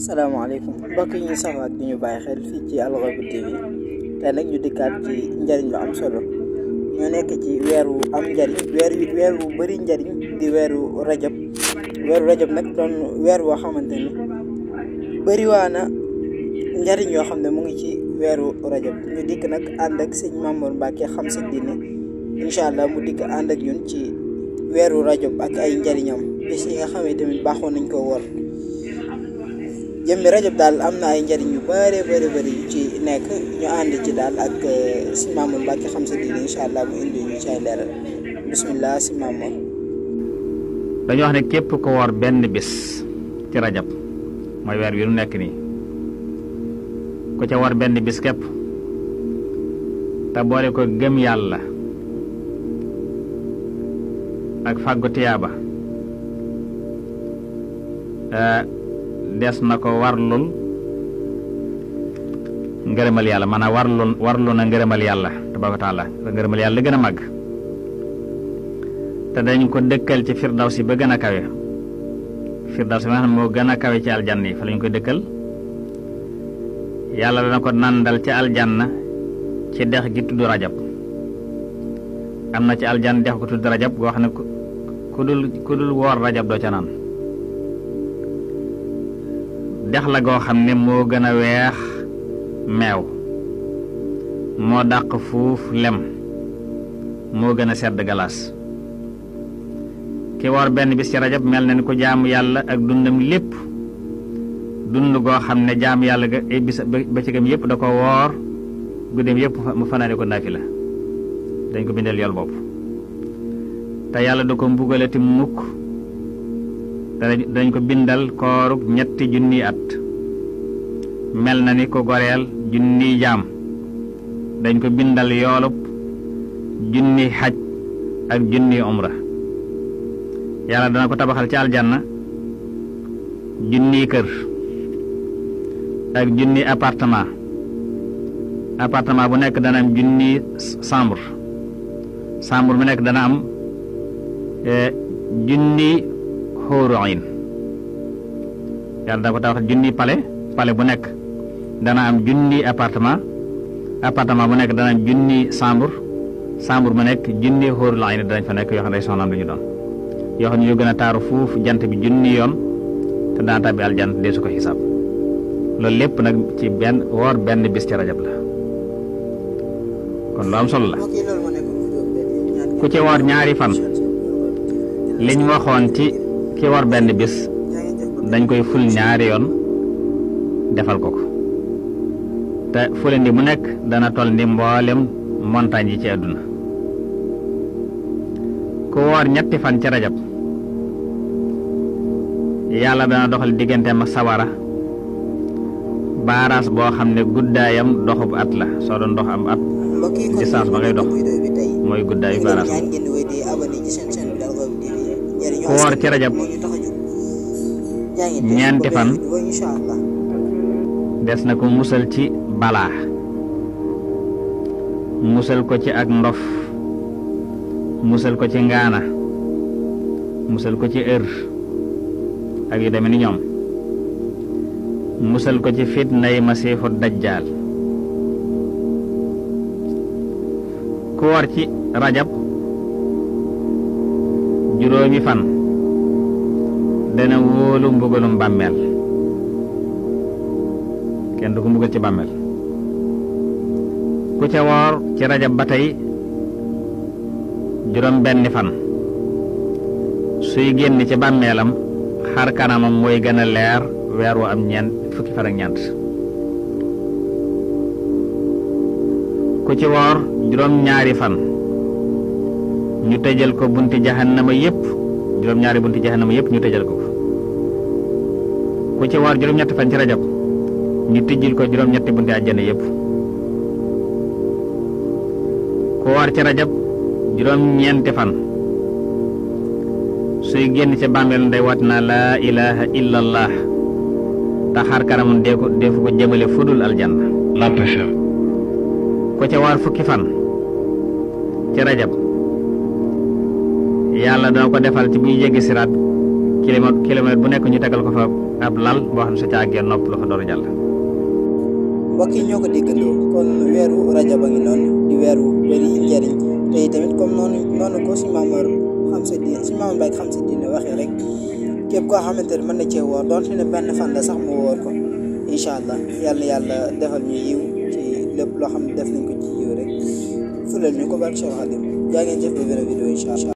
salaamaaleykum mbokk yi ñu saxoo ak ñu bàyyi xel fii ci Al Haïbou TV nag ñu dikkaat ci njariñ lu am solo ñu nekk ci weeru am njariñ weer wi weer wu bëri njariñ di weeru rajab weeru rajab nag doon weer woo xamante ni bëri waa na njariñ yoo xam ne mu ngi ci weeru rajab ñu dikk nag ànd ak sëñ Mamour Mbacke xam sa diine allah mu dikk ànd ak ñun ci weeru rajab ak ay njariñam bis yi nga xam ne tamit baaxoon nañ ko woor jëmmi rajab daal am na ay yu bare bëri bëri yu ci nekk ñu ànd ci daal ak eh, si maamu Mbàkke xam sa diine incha allah mu indi ñu ci ay si maamu dañu wax ne képp ko woor benn bis ci rajab mooy weer wi nu nekk nii ku ca woor benn bis képp te boole ko gëm yàlla ak fàggu tiyaaba eh, des na ko warlul ngërëmal yàlla maanaam warlul warlu na ngërëmal yàlla tabaaraka taala ngërëmal yàlla gën a màgg te dañ ko dëkkal ci firdawsi ba gën a kawe firdawsi ba nga xam moo gën a kawe ci aljanna yi fa lañ koy dëkkal yàlla dana ko nàndal ci aljanna ci dex gi tudd rajab am na ci aljanna dex ko tudd rajab goo xam ne ku dul woor rajab doo ca naan dex la goo xam ne moo gën a weex meew moo dàq fuuf lem moo gën a sedd galaas ki woor benn bis ci rajab mel na ni ku jaamu yàlla ak dundam lépp dund goo xam ne jaamu yàlla ga ay bis yépp da ko woor guddeem yépp mu fanaane ko naafi la dañ ko bindeel yool bopp te yàlla du ko mbugalati mukk te dañ ko bindal koorug ñetti junniy at mel na ni ku goreel junniy jaam dañ ko bindal yoolub junni xaj ak junni umra yàlla dana ko tabaxal ci aljanna junni kër ak junni appartement apartement bu nekk dana am junni chambre chambre bu nekk dana am eh, junni xuuru ayn yàlla dafa tabax junni pale pale bu nekk dana am junni appartement appartement bu nekk dana am junni chambre chambre bu nekk junni xuurul ayn fa nekk yoo xam ne soxnaam lu ñu doon xam ne yoo gën a taaru fuuf jant bi junni yoon te dana tàbbi aljant dee su ko xisaab loolu lépp nag ci benn woor benn bis ci rajab la kon lu am solo la ku ci woor ñaari fan liñ waxoon ci ki war benn bis dañ koy ful ñaari yoon defal ko ko te fulandi bu nekk dana toll ni mboolem montagne yi ci àdduna ku woor ñetti fan ci rajab yàlla dana doxal diggante ak sawara baaraas boo xam ne guddaayam doxub at la soo doon dox am at distance ba ngay dox mooy guddaayu baaraas koor ci rajab ñeenti fan des na ko musal ci balaa musal ko ci ak ndof musal ko ci ngaana musal ko ci ër ak yu deme ni ñoom musal ko ci fitnay masiixu dajjaal koor ci rajab juróomi fan dana wóolu mbugalum bàmmeel kenn du ko mbugal ci bàmmeel ku ca woor ci rajab ba tey juróom benni fan suy génn ci bàmmeelam xar kanamam mooy gën a leer weer wu am ñeent fukki fan ak ñeent ku ci woor juróom ñaari fan ñu tëjal ko bunti jahannama yépp juróom-ñaari bunti jahannama yépp ñu tëjal ko ku ci woor juróom-ñetti fan ci rajab ñu tijjil ko juróom-ñetti bunti àjjana yépp ku woor ci rajab juróom-ñeenti fan suy génn ci bàmmeel day wat naa laa ilaha illa allah te xar kanamam dee ko defu ko jëmale fudul aljanna ku ci woor fukki fan ci rajab yàlla dana ko defal ci buy jéggi siraat kilomètre kilomètre bu nekk ñu tegal ko fa ab lal boo xam ne su ca àggee nopp lu fa door jàll mbokk ñoo ko déggandoo kon weeru rajab a ngi noonu di weeru bëri njëriñ te tamit comme noonu ko si maamoor xam sa ba si xam sa diine waxee rek képp koo xamante mën na cee woor doonte ne benn fan sax mu woor ko incha allah yàlla yàlla defal ñu yiw ci lépp loo xam ne def nañ ko ci yiw rek fulal ñu ko barke Cheikh Khadim